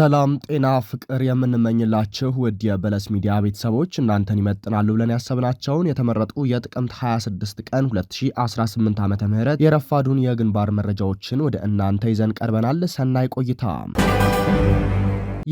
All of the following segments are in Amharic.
ሰላም ጤና ፍቅር የምንመኝላችሁ ውድ የበለስ ሚዲያ ቤተሰቦች እናንተን ይመጥናሉ ብለን ያሰብናቸውን የተመረጡ የጥቅምት 26 ቀን 2018 ዓ ም የረፋዱን የግንባር መረጃዎችን ወደ እናንተ ይዘን ቀርበናል። ሰናይ ቆይታ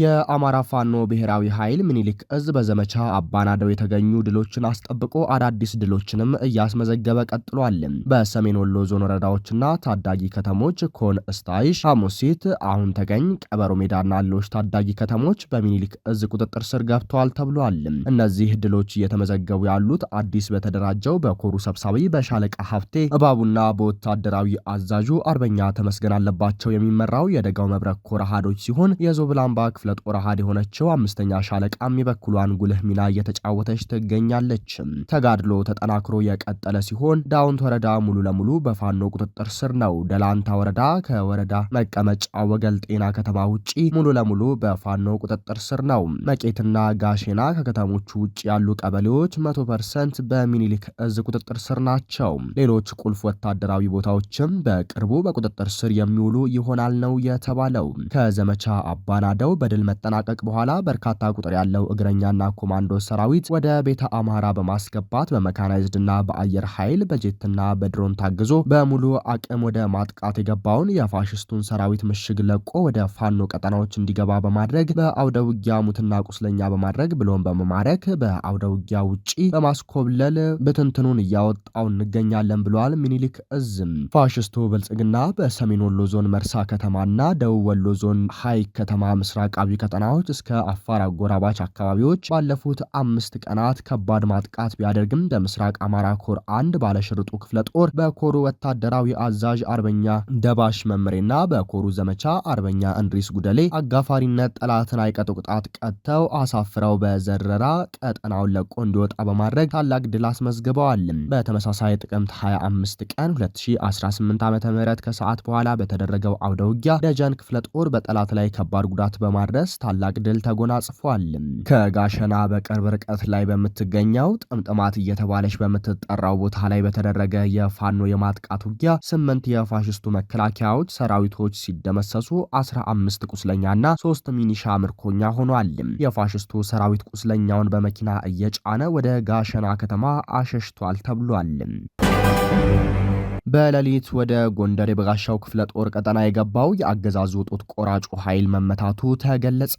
የአማራ ፋኖ ብሔራዊ ኃይል ምኒልክ እዝ በዘመቻ አባናደው የተገኙ ድሎችን አስጠብቆ አዳዲስ ድሎችንም እያስመዘገበ ቀጥሏል። በሰሜን ወሎ ዞን ወረዳዎችና ታዳጊ ከተሞች ኮን እስታይሽ፣ ሐሙሲት፣ አሁን ተገኝ፣ ቀበሮ ሜዳና ሌሎች ታዳጊ ከተሞች በሚኒሊክ እዝ ቁጥጥር ስር ገብተዋል ተብሏል። እነዚህ ድሎች እየተመዘገቡ ያሉት አዲስ በተደራጀው በኮሩ ሰብሳቢ በሻለቃ ሀብቴ እባቡና በወታደራዊ አዛዡ አርበኛ ተመስገን አለባቸው የሚመራው የደጋው መብረቅ ኮር አሃዶች ሲሆን የዞብላምባ ክፍለ ጦር አሃድ የሆነችው አምስተኛ ሻለቃ የበኩሏን ጉልህ ሚና እየተጫወተች ትገኛለች። ተጋድሎ ተጠናክሮ የቀጠለ ሲሆን ዳውንት ወረዳ ሙሉ ለሙሉ በፋኖ ቁጥጥር ስር ነው። ደላንታ ወረዳ ከወረዳ መቀመጫ ወገል ጤና ከተማ ውጪ ሙሉ ለሙሉ በፋኖ ቁጥጥር ስር ነው። መቄትና ጋሼና ከከተሞቹ ውጭ ያሉ ቀበሌዎች መቶ ፐርሰንት በሚኒሊክ እዝ ቁጥጥር ስር ናቸው። ሌሎች ቁልፍ ወታደራዊ ቦታዎችም በቅርቡ በቁጥጥር ስር የሚውሉ ይሆናል ነው የተባለው። ከዘመቻ አባናደው በ በድል መጠናቀቅ በኋላ በርካታ ቁጥር ያለው እግረኛና ኮማንዶ ሰራዊት ወደ ቤተ አማራ በማስገባት በመካናይዝድና በአየር ኃይል በጄትና በድሮን ታግዞ በሙሉ አቅም ወደ ማጥቃት የገባውን የፋሽስቱን ሰራዊት ምሽግ ለቆ ወደ ፋኖ ቀጠናዎች እንዲገባ በማድረግ በአውደ ውጊያ ሙትና ቁስለኛ በማድረግ ብሎም በመማረክ በአውደ ውጊያ ውጪ በማስኮብለል ብትንትኑን እያወጣው እንገኛለን ብለዋል። ሚኒሊክ እዝም ፋሽስቱ ብልጽግና በሰሜን ወሎ ዞን መርሳ ከተማና ደቡብ ወሎ ዞን ሀይቅ ከተማ ምስራቅ አቃቢ ቀጠናዎች እስከ አፋር አጎራባች አካባቢዎች ባለፉት አምስት ቀናት ከባድ ማጥቃት ቢያደርግም በምስራቅ አማራ ኮር አንድ ባለሽርጡ ክፍለ ጦር በኮሩ ወታደራዊ አዛዥ አርበኛ ደባሽ መምሬና በኮሩ ዘመቻ አርበኛ እንድሪስ ጉደሌ አጋፋሪነት ጠላትን አይቀጡ ቅጣት ቀጥተው አሳፍረው በዘረራ ቀጠናውን ለቆ እንዲወጣ በማድረግ ታላቅ ድል አስመዝግበዋል። በተመሳሳይ ጥቅምት 25 ቀን 2018 ዓ ም ከሰዓት በኋላ በተደረገው አውደ ውጊያ ደጀን ክፍለ ጦር በጠላት ላይ ከባድ ጉዳት በማ በማድረስ ታላቅ ድል ተጎናጽፏል። ከጋሸና በቅርብ ርቀት ላይ በምትገኘው ጥምጥማት እየተባለች በምትጠራው ቦታ ላይ በተደረገ የፋኖ የማጥቃት ውጊያ ስምንት የፋሽስቱ መከላከያዎች ሰራዊቶች ሲደመሰሱ አስራ አምስት ቁስለኛና ሶስት ሚኒሻ ምርኮኛ ሆኗል። የፋሽስቱ ሰራዊት ቁስለኛውን በመኪና እየጫነ ወደ ጋሸና ከተማ አሸሽቷል ተብሏል። በሌሊት ወደ ጎንደር የበጋሻው ክፍለ ጦር ቀጠና የገባው የአገዛዙ ጡት ቆራጩ ኃይል መመታቱ ተገለጸ።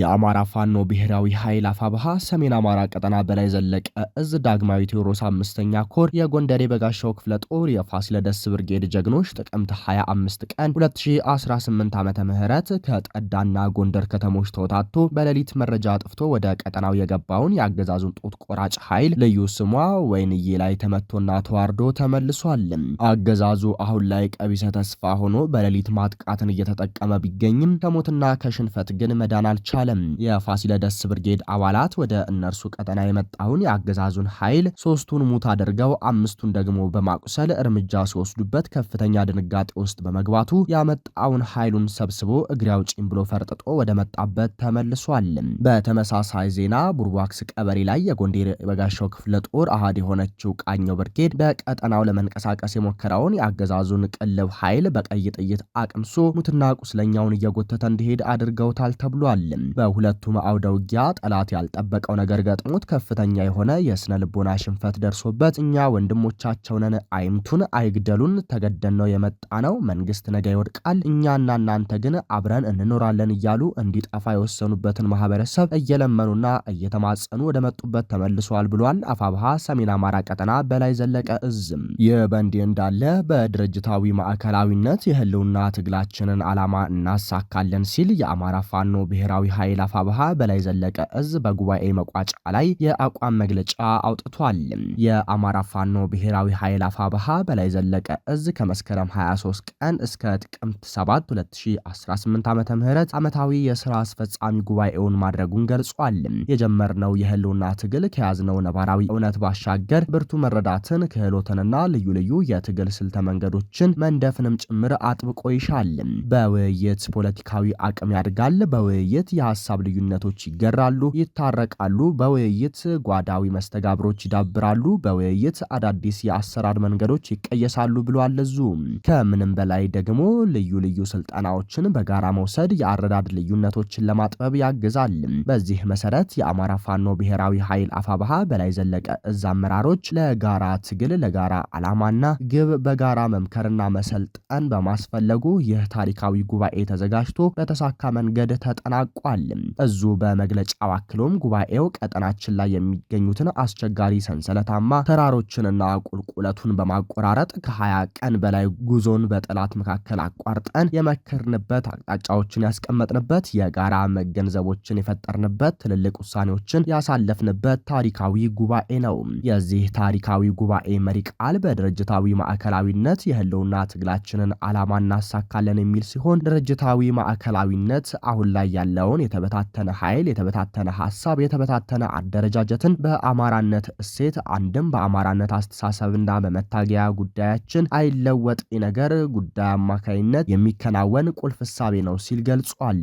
የአማራ ፋኖ ብሔራዊ ኃይል አፋብሃ ሰሜን አማራ ቀጠና በላይ ዘለቀ እዝ ዳግማዊ ቴዎድሮስ አምስተኛ ኮር የጎንደር የበጋሻው ክፍለ ጦር የፋሲለደስ ብርጌድ ጀግኖች ጥቅምት 25 ቀን 2018 ዓ ምህረት ከጠዳና ጎንደር ከተሞች ተወታቶ በሌሊት መረጃ ጥፍቶ ወደ ቀጠናው የገባውን የአገዛዙን ጡት ቆራጭ ኃይል ልዩ ስሟ ወይንዬ ላይ ተመቶና ተዋርዶ ተመልሷል። አገዛዙ አሁን ላይ ቀቢሰ ተስፋ ሆኖ በሌሊት ማጥቃትን እየተጠቀመ ቢገኝም ከሞትና ከሽንፈት ግን መዳን አልቻለም። የፋሲለደስ ብርጌድ አባላት ወደ እነርሱ ቀጠና የመጣውን የአገዛዙን ኃይል ሶስቱን ሙት አድርገው አምስቱን ደግሞ በማቁሰል እርምጃ ሲወስዱበት ከፍተኛ ድንጋጤ ውስጥ በመግባቱ ያመጣውን ኃይሉን ሰብስቦ እግሬ አውጪኝ ብሎ ፈርጥጦ ወደ መጣበት ተመልሷል። በተመሳሳይ ዜና ቡርባክስ ቀበሌ ላይ የጎንደር የበጋሻው ክፍለ ጦር አሃድ የሆነችው ቃኘው ብርጌድ በቀጠናው ለመንቀሳቀስ የሞ ያከራውን የአገዛዙን ቅልብ ኃይል በቀይ ጥይት አቅምሶ ሙትና ቁስለኛውን እየጎተተ እንዲሄድ አድርገውታል ተብሏል። በሁለቱም አውደ ውጊያ ጠላት ያልጠበቀው ነገር ገጥሞት ከፍተኛ የሆነ የስነ ልቦና ሽንፈት ደርሶበት እኛ ወንድሞቻቸውንን አይምቱን፣ አይግደሉን ተገደን ነው የመጣ ነው መንግስት ነገ ይወድቃል፣ እኛና እናንተ ግን አብረን እንኖራለን እያሉ እንዲጠፋ የወሰኑበትን ማህበረሰብ እየለመኑና እየተማጸኑ ወደ መጡበት ተመልሰዋል ብሏል። አፋብሃ ሰሜን አማራ ቀጠና በላይ ዘለቀ እዝም ይህ በእንዲህ እንዳ እንዳለ በድርጅታዊ ማዕከላዊነት የህልውና ትግላችንን ዓላማ እናሳካለን ሲል የአማራ ፋኖ ብሔራዊ ኃይል አፋብሃ በላይ ዘለቀ እዝ በጉባኤ መቋጫ ላይ የአቋም መግለጫ አውጥቷል። የአማራ ፋኖ ብሔራዊ ኃይል አፋብሃ በላይ ዘለቀ እዝ ከመስከረም 23 ቀን እስከ ጥቅምት 7 2018 ዓ ም ዓመታዊ የስራ አስፈጻሚ ጉባኤውን ማድረጉን ገልጿል። የጀመርነው የህልውና ትግል ከያዝነው ነባራዊ እውነት ባሻገር ብርቱ መረዳትን ክህሎትንና ልዩ ልዩ የትግል የትግል ስልተ መንገዶችን መንደፍንም ጭምር አጥብቆ ይሻል። በውይይት ፖለቲካዊ አቅም ያድጋል። በውይይት የሀሳብ ልዩነቶች ይገራሉ፣ ይታረቃሉ። በውይይት ጓዳዊ መስተጋብሮች ይዳብራሉ። በውይይት አዳዲስ የአሰራር መንገዶች ይቀየሳሉ ብሏል እዙ። ከምንም በላይ ደግሞ ልዩ ልዩ ስልጠናዎችን በጋራ መውሰድ የአረዳድ ልዩነቶችን ለማጥበብ ያግዛል። በዚህ መሰረት የአማራ ፋኖ ብሔራዊ ኃይል አፋብሃ በላይ ዘለቀ እዝ አመራሮች ለጋራ ትግል ለጋራ ዓላማና ግብ ግብ በጋራ መምከርና መሰልጠን በማስፈለጉ ይህ ታሪካዊ ጉባኤ ተዘጋጅቶ በተሳካ መንገድ ተጠናቋል። እዙ በመግለጫው አክሎም ጉባኤው ቀጠናችን ላይ የሚገኙትን አስቸጋሪ ሰንሰለታማ ተራሮችንና ቁልቁለቱን በማቆራረጥ ከ20 ቀን በላይ ጉዞን በጠላት መካከል አቋርጠን የመከርንበት፣ አቅጣጫዎችን ያስቀመጥንበት፣ የጋራ መገንዘቦችን የፈጠርንበት፣ ትልልቅ ውሳኔዎችን ያሳለፍንበት ታሪካዊ ጉባኤ ነው። የዚህ ታሪካዊ ጉባኤ መሪ ቃል በድርጅታዊ ማዕከላዊነት የህልውና ትግላችንን ዓላማ እናሳካለን የሚል ሲሆን ድርጅታዊ ማዕከላዊነት አሁን ላይ ያለውን የተበታተነ ኃይል፣ የተበታተነ ሀሳብ፣ የተበታተነ አደረጃጀትን በአማራነት እሴት አንድም በአማራነት አስተሳሰብና በመታገያ ጉዳያችን አይለወጥ ነገር ጉዳይ አማካይነት የሚከናወን ቁልፍ እሳቤ ነው ሲል ገልጿል።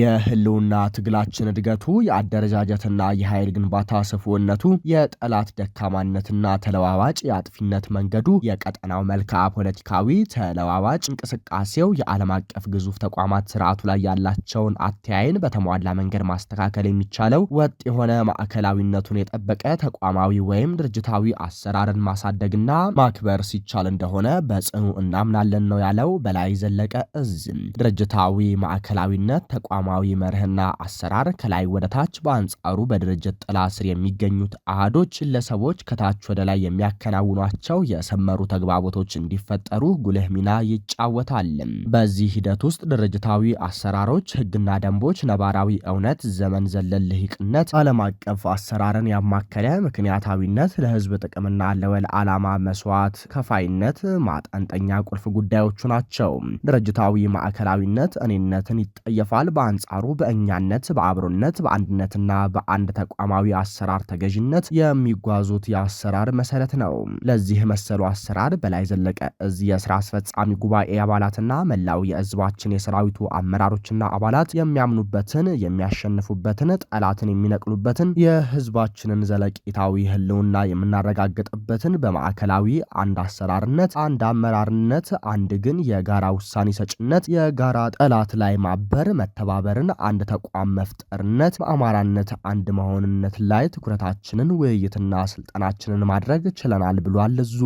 የህልውና ትግላችን እድገቱ የአደረጃጀትና የኃይል ግንባታ ስፉነቱ የጠላት ደካማነትና ተለዋዋጭ የአጥፊነት መንገዱ የቀጣ የቀጠናው መልክዓ ፖለቲካዊ ተለዋዋጭ እንቅስቃሴው የዓለም አቀፍ ግዙፍ ተቋማት ስርዓቱ ላይ ያላቸውን አተያይን በተሟላ መንገድ ማስተካከል የሚቻለው ወጥ የሆነ ማዕከላዊነቱን የጠበቀ ተቋማዊ ወይም ድርጅታዊ አሰራርን ማሳደግና ማክበር ሲቻል እንደሆነ በጽኑ እናምናለን ነው ያለው በላይ ዘለቀ እዝም። ድርጅታዊ ማዕከላዊነት፣ ተቋማዊ መርህና አሰራር ከላይ ወደ ታች፣ በአንጻሩ በድርጅት ጥላ ስር የሚገኙት አህዶች ግለሰቦች ከታች ወደ ላይ የሚያከናውኗቸው የሰመሩ ተግባ አለመግባባቶች እንዲፈጠሩ ጉልህ ሚና ይጫወታል። በዚህ ሂደት ውስጥ ድርጅታዊ አሰራሮች፣ ህግና ደንቦች፣ ነባራዊ እውነት፣ ዘመን ዘለል ልሂቅነት፣ ዓለም አቀፍ አሰራርን ያማከለ ምክንያታዊነት፣ ለህዝብ ጥቅምና ለወል ዓላማ መስዋዕት ከፋይነት ማጠንጠኛ ቁልፍ ጉዳዮቹ ናቸው። ድርጅታዊ ማዕከላዊነት እኔነትን ይጠየፋል። በአንጻሩ በእኛነት፣ በአብሮነት፣ በአንድነትና በአንድ ተቋማዊ አሰራር ተገዥነት የሚጓዙት የአሰራር መሰረት ነው። ለዚህ መሰሉ አሰራር በላይ ዘለቀ እዚህ የስራ አስፈጻሚ ጉባኤ አባላትና መላው የህዝባችን የሰራዊቱ አመራሮችና አባላት የሚያምኑበትን የሚያሸንፉበትን ጠላትን የሚነቅሉበትን የህዝባችንን ዘለቂታዊ ህልውና የምናረጋግጥበትን በማዕከላዊ አንድ አሰራርነት አንድ አመራርነት አንድ ግን የጋራ ውሳኔ ሰጭነት የጋራ ጠላት ላይ ማበር መተባበርን አንድ ተቋም መፍጠርነት በአማራነት አንድ መሆንነት ላይ ትኩረታችንን ውይይትና ስልጠናችንን ማድረግ ችለናል ብሏል ዙ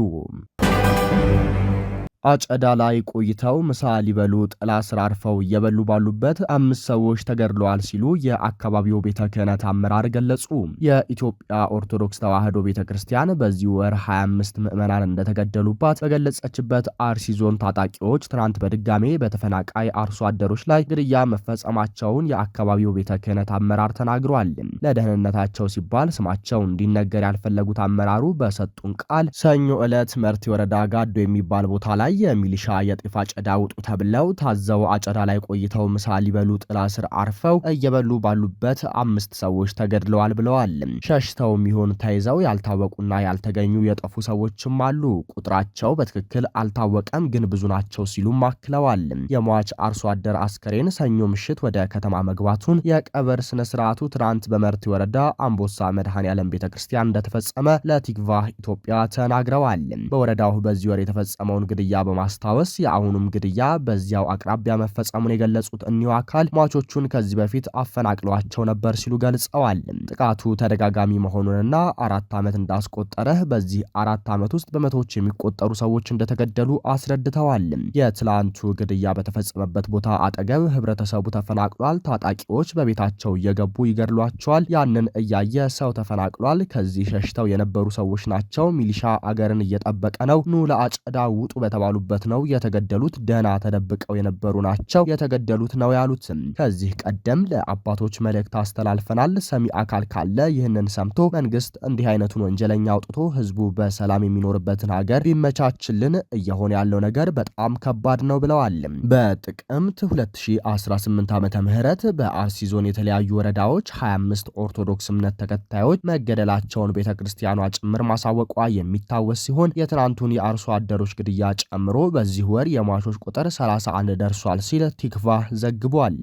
አጨዳ ላይ ቆይተው ምሳ ሊበሉ ጥላ ስር አርፈው እየበሉ ባሉበት አምስት ሰዎች ተገድለዋል ሲሉ የአካባቢው ቤተ ክህነት አመራር ገለጹ። የኢትዮጵያ ኦርቶዶክስ ተዋሕዶ ቤተ ክርስቲያን በዚህ ወር 25 ምዕመናን እንደተገደሉባት በገለጸችበት አርሲ ዞን ታጣቂዎች ትናንት በድጋሜ በተፈናቃይ አርሶ አደሮች ላይ ግድያ መፈጸማቸውን የአካባቢው ቤተ ክህነት አመራር ተናግሯል። ለደህንነታቸው ሲባል ስማቸው እንዲነገር ያልፈለጉት አመራሩ በሰጡን ቃል ሰኞ ዕለት መርቲ ወረዳ ጋዶ የሚባል ቦታ ላይ የሚሊሻ የጤፍ አጨዳ ውጡ ተብለው ታዘው አጨዳ ላይ ቆይተው ምሳ ሊበሉ ጥላ ስር አርፈው እየበሉ ባሉበት አምስት ሰዎች ተገድለዋል ብለዋል። ሸሽተው ሚሆን ተይዘው ያልታወቁና ያልተገኙ የጠፉ ሰዎችም አሉ። ቁጥራቸው በትክክል አልታወቀም፣ ግን ብዙ ናቸው ሲሉም አክለዋል። የሟች አርሶ አደር አስከሬን ሰኞ ምሽት ወደ ከተማ መግባቱን የቀብር ስነ ስርዓቱ ትናንት በመርቲ ወረዳ አምቦሳ መድኃኔ ዓለም ቤተ ክርስቲያን እንደተፈጸመ ለቲግቫህ ኢትዮጵያ ተናግረዋል። በወረዳው በዚህ ወር የተፈጸመውን ግድያ ግድያ በማስታወስ የአሁኑም ግድያ በዚያው አቅራቢያ መፈጸሙን የገለጹት እኒው አካል ሟቾቹን ከዚህ በፊት አፈናቅለዋቸው ነበር ሲሉ ገልጸዋል። ጥቃቱ ተደጋጋሚ መሆኑንና አራት ዓመት እንዳስቆጠረ በዚህ አራት ዓመት ውስጥ በመቶዎች የሚቆጠሩ ሰዎች እንደተገደሉ አስረድተዋል። የትላንቱ ግድያ በተፈጸመበት ቦታ አጠገብ ህብረተሰቡ ተፈናቅሏል። ታጣቂዎች በቤታቸው እየገቡ ይገድሏቸዋል። ያንን እያየ ሰው ተፈናቅሏል። ከዚህ ሸሽተው የነበሩ ሰዎች ናቸው። ሚሊሻ አገርን እየጠበቀ ነው። ኑ ለአጨዳ ውጡ በተባ የተባሉበት ነው የተገደሉት። ደህና ተደብቀው የነበሩ ናቸው የተገደሉት ነው ያሉትም። ከዚህ ቀደም ለአባቶች መልእክት አስተላልፈናል። ሰሚ አካል ካለ ይህንን ሰምቶ መንግስት እንዲህ አይነቱን ወንጀለኛ አውጥቶ ህዝቡ በሰላም የሚኖርበትን ሀገር ቢመቻችልን። እየሆነ ያለው ነገር በጣም ከባድ ነው ብለዋል። በጥቅምት 2018 ዓ ም በአርሲ ዞን የተለያዩ ወረዳዎች 25 ኦርቶዶክስ እምነት ተከታዮች መገደላቸውን ቤተ ክርስቲያኗ ጭምር ማሳወቋ የሚታወስ ሲሆን የትናንቱን የአርሶ አደሮች ግድያ ጨምሮ በዚህ ወር የሟቾች ቁጥር 31 ደርሷል ሲል ቲክቫ ዘግቧል።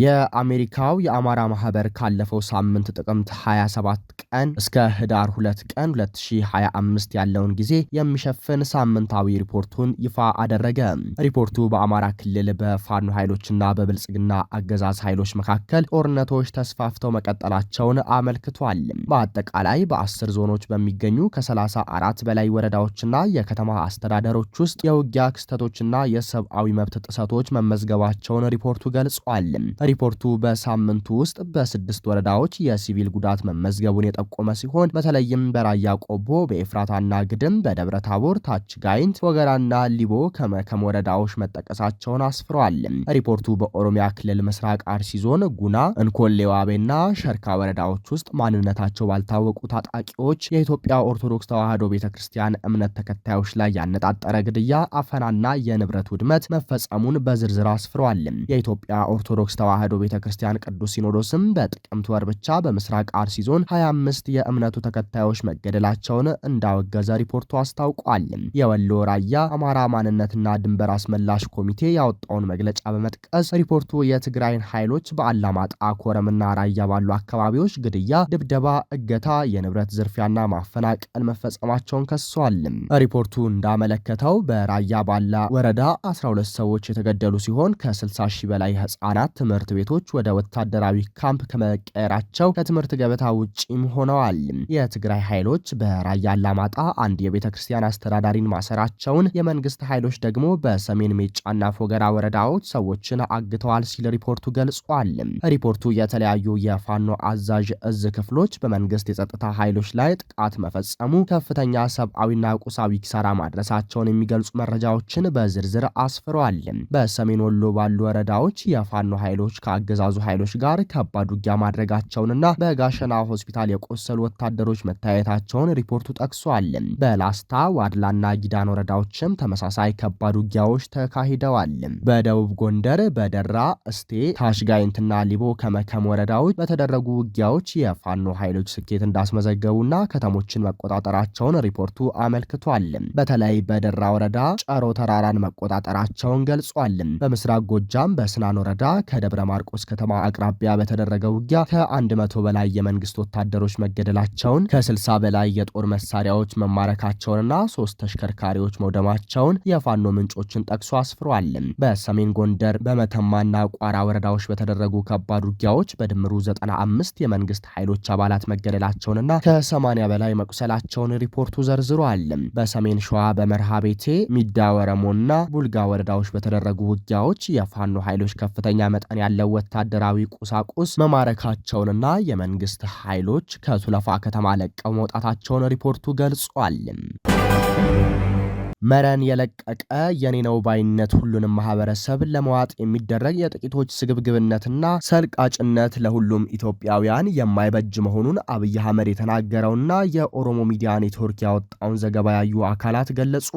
የአሜሪካው የአማራ ማህበር ካለፈው ሳምንት ጥቅምት 27 ቀን እስከ ህዳር 2 ቀን 2025 ያለውን ጊዜ የሚሸፍን ሳምንታዊ ሪፖርቱን ይፋ አደረገ። ሪፖርቱ በአማራ ክልል በፋኖ ኃይሎችና በብልጽግና አገዛዝ ኃይሎች መካከል ጦርነቶች ተስፋፍተው መቀጠላቸውን አመልክቷል። በአጠቃላይ በአስር ዞኖች በሚገኙ ከ34 በላይ ወረዳዎችና የከተማ አስተዳደሮች ውስጥ የውጊያ ክስተቶችና የሰብአዊ መብት ጥሰቶች መመዝገባቸውን ሪፖርቱ ገልጿል። ሪፖርቱ በሳምንቱ ውስጥ በስድስት ወረዳዎች የሲቪል ጉዳት መመዝገቡን የጠቆመ ሲሆን በተለይም በራያ ቆቦ፣ በኤፍራታና ግድም፣ በደብረ ታቦር፣ ታች ጋይንት፣ ወገራና ሊቦ ከመከም ወረዳዎች መጠቀሳቸውን አስፍረዋል። ሪፖርቱ በኦሮሚያ ክልል ምስራቅ አርሲ ዞን ጉና፣ እንኮሌ ዋቤና ሸርካ ወረዳዎች ውስጥ ማንነታቸው ባልታወቁ ታጣቂዎች የኢትዮጵያ ኦርቶዶክስ ተዋሕዶ ቤተ ክርስቲያን እምነት ተከታዮች ላይ ያነጣጠረ ግድያ፣ አፈናና የንብረት ውድመት መፈጸሙን በዝርዝር አስፍረዋል። የኢትዮጵያ ኦርቶዶክስ ተዋ ተዋሕዶ ቤተ ክርስቲያን ቅዱስ ሲኖዶስም በጥቅምት ወር ብቻ በምስራቅ አርሲ ዞን 25 የእምነቱ ተከታዮች መገደላቸውን እንዳወገዘ ሪፖርቱ አስታውቋል። የወሎ ራያ አማራ ማንነትና ድንበር አስመላሽ ኮሚቴ ያወጣውን መግለጫ በመጥቀስ ሪፖርቱ የትግራይን ኃይሎች በአላማጣ ኮረምና ራያ ባሉ አካባቢዎች ግድያ፣ ድብደባ፣ እገታ፣ የንብረት ዝርፊያና ማፈናቀል መፈጸማቸውን ከሷል። ሪፖርቱ እንዳመለከተው በራያ ባላ ወረዳ 12 ሰዎች የተገደሉ ሲሆን ከ60 ሺህ በላይ ህጻናት ትምህርት ትምህርት ቤቶች ወደ ወታደራዊ ካምፕ ከመቀየራቸው ከትምህርት ገበታ ውጪም ሆነዋል። የትግራይ ኃይሎች በራያ አላማጣ አንድ የቤተ ክርስቲያን አስተዳዳሪን ማሰራቸውን፣ የመንግስት ኃይሎች ደግሞ በሰሜን ሜጫና ፎገራ ወረዳዎች ሰዎችን አግተዋል ሲል ሪፖርቱ ገልጿል። ሪፖርቱ የተለያዩ የፋኖ አዛዥ እዝ ክፍሎች በመንግስት የጸጥታ ኃይሎች ላይ ጥቃት መፈጸሙ፣ ከፍተኛ ሰብአዊና ቁሳዊ ኪሳራ ማድረሳቸውን የሚገልጹ መረጃዎችን በዝርዝር አስፍሯል። በሰሜን ወሎ ባሉ ወረዳዎች የፋኖ ኃይሎች ኃይሎች ከአገዛዙ ኃይሎች ጋር ከባድ ውጊያ ማድረጋቸውንና በጋሸና ሆስፒታል የቆሰሉ ወታደሮች መታየታቸውን ሪፖርቱ ጠቅሷል። በላስታ ዋድላና ጊዳን ወረዳዎችም ተመሳሳይ ከባድ ውጊያዎች ተካሂደዋል። በደቡብ ጎንደር በደራ እስቴ፣ ታሽጋይንትና ሊቦ ከመከም ወረዳዎች በተደረጉ ውጊያዎች የፋኖ ኃይሎች ስኬት እንዳስመዘገቡና ከተሞችን መቆጣጠራቸውን ሪፖርቱ አመልክቷል። በተለይ በደራ ወረዳ ጨሮ ተራራን መቆጣጠራቸውን ገልጿል። በምስራቅ ጎጃም በስናን ወረዳ ከደ ደብረ ማርቆስ ከተማ አቅራቢያ በተደረገ ውጊያ ከአንድ መቶ በላይ የመንግስት ወታደሮች መገደላቸውን ከስልሳ በላይ የጦር መሳሪያዎች መማረካቸውንና ሶስት ተሽከርካሪዎች መውደማቸውን የፋኖ ምንጮችን ጠቅሶ አስፍሯል። በሰሜን ጎንደር በመተማና ቋራ ወረዳዎች በተደረጉ ከባድ ውጊያዎች በድምሩ ዘጠና አምስት የመንግስት ኃይሎች አባላት መገደላቸውንና ከሰማኒያ በላይ መቁሰላቸውን ሪፖርቱ ዘርዝሯል። በሰሜን ሸዋ በመርሃ ቤቴ፣ ሚዳ ወረሞና ቡልጋ ወረዳዎች በተደረጉ ውጊያዎች የፋኖ ኃይሎች ከፍተኛ መጠን ያለው ወታደራዊ ቁሳቁስ መማረካቸውንና የመንግስት ኃይሎች ከሱለፋ ከተማ ለቀው መውጣታቸውን ሪፖርቱ ገልጿል። መረን የለቀቀ የኔ ነው ባይነት ሁሉንም ማህበረሰብ ለመዋጥ የሚደረግ የጥቂቶች ስግብግብነትና ሰልቃጭነት ለሁሉም ኢትዮጵያውያን የማይበጅ መሆኑን አብይ አህመድ የተናገረውና የኦሮሞ ሚዲያ ኔትወርክ ያወጣውን ዘገባ ያዩ አካላት ገለጹ።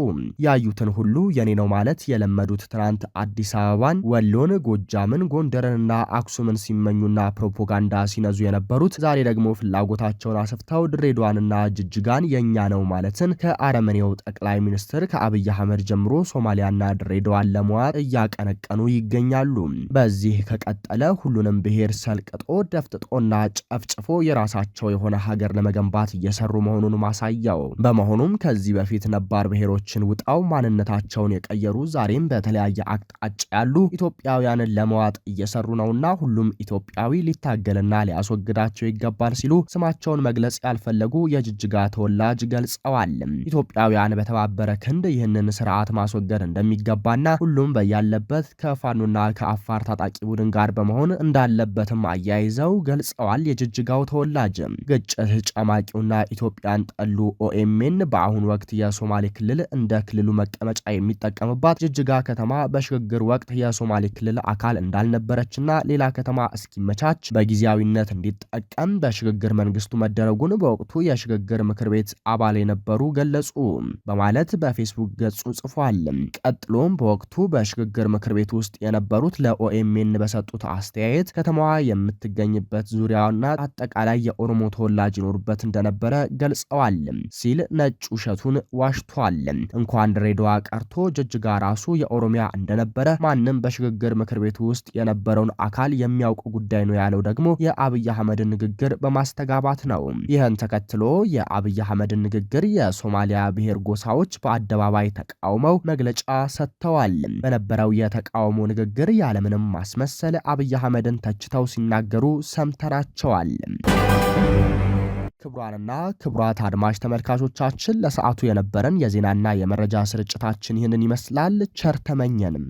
ያዩትን ሁሉ የኔ ነው ማለት የለመዱት ትናንት አዲስ አበባን፣ ወሎን፣ ጎጃምን፣ ጎንደርንና አክሱምን ሲመኙና ፕሮፓጋንዳ ሲነዙ የነበሩት ዛሬ ደግሞ ፍላጎታቸውን አሰፍተው ድሬዳዋንና ጅጅጋን የእኛ ነው ማለትን ከአረመኔው ጠቅላይ ሚኒስትር ከአብይ አህመድ ጀምሮ ሶማሊያና ድሬዳዋን ለመዋጥ እያቀነቀኑ ይገኛሉ። በዚህ ከቀጠለ ሁሉንም ብሔር ሰልቅጦ ደፍጥጦና ጨፍጭፎ የራሳቸው የሆነ ሀገር ለመገንባት እየሰሩ መሆኑን ማሳያው። በመሆኑም ከዚህ በፊት ነባር ብሔሮችን ውጣው ማንነታቸውን የቀየሩ ዛሬም በተለያየ አቅጣጫ ያሉ ኢትዮጵያውያንን ለመዋጥ እየሰሩ ነውና ሁሉም ኢትዮጵያዊ ሊታገልና ሊያስወግዳቸው ይገባል ሲሉ ስማቸውን መግለጽ ያልፈለጉ የጅጅጋ ተወላጅ ገልጸዋል። ኢትዮጵያውያን በተባበረ ክንድ ዘንድ ይህንን ስርዓት ማስወገድ እንደሚገባና ሁሉም በያለበት ከፋኖና ከአፋር ታጣቂ ቡድን ጋር በመሆን እንዳለበትም አያይዘው ገልጸዋል። የጅጅጋው ተወላጅ ግጭት ጨማቂውና ኢትዮጵያን ጠሉ ኦኤምኤን በአሁኑ ወቅት የሶማሌ ክልል እንደ ክልሉ መቀመጫ የሚጠቀምባት ጅጅጋ ከተማ በሽግግር ወቅት የሶማሌ ክልል አካል እንዳልነበረችና ሌላ ከተማ እስኪመቻች በጊዜያዊነት እንዲጠቀም በሽግግር መንግስቱ መደረጉን በወቅቱ የሽግግር ምክር ቤት አባል የነበሩ ገለጹ በማለት በፌስ በፌስቡክ ገጹ ጽፏል። ቀጥሎም በወቅቱ በሽግግር ምክር ቤት ውስጥ የነበሩት ለኦኤምኤን በሰጡት አስተያየት ከተማዋ የምትገኝበት ዙሪያና አጠቃላይ የኦሮሞ ተወላጅ ይኖሩበት እንደነበረ ገልጸዋል ሲል ነጭ ውሸቱን ዋሽቷል። እንኳን ድሬዳዋ ቀርቶ ጅጅጋ ራሱ የኦሮሚያ እንደነበረ ማንም በሽግግር ምክር ቤት ውስጥ የነበረውን አካል የሚያውቅ ጉዳይ ነው ያለው ደግሞ የአብይ አህመድን ንግግር በማስተጋባት ነው። ይህን ተከትሎ የአብይ አህመድን ንግግር የሶማሊያ ብሔር ጎሳዎች በአደ በአደባባይ ተቃውመው መግለጫ ሰጥተዋል። በነበረው የተቃውሞ ንግግር ያለምንም ማስመሰል አብይ አህመድን ተችተው ሲናገሩ ሰምተናቸዋል። ክቡራንና ክቡራት አድማጭ ተመልካቾቻችን ለሰዓቱ የነበረን የዜናና የመረጃ ስርጭታችን ይህንን ይመስላል። ቸር ተመኘንም።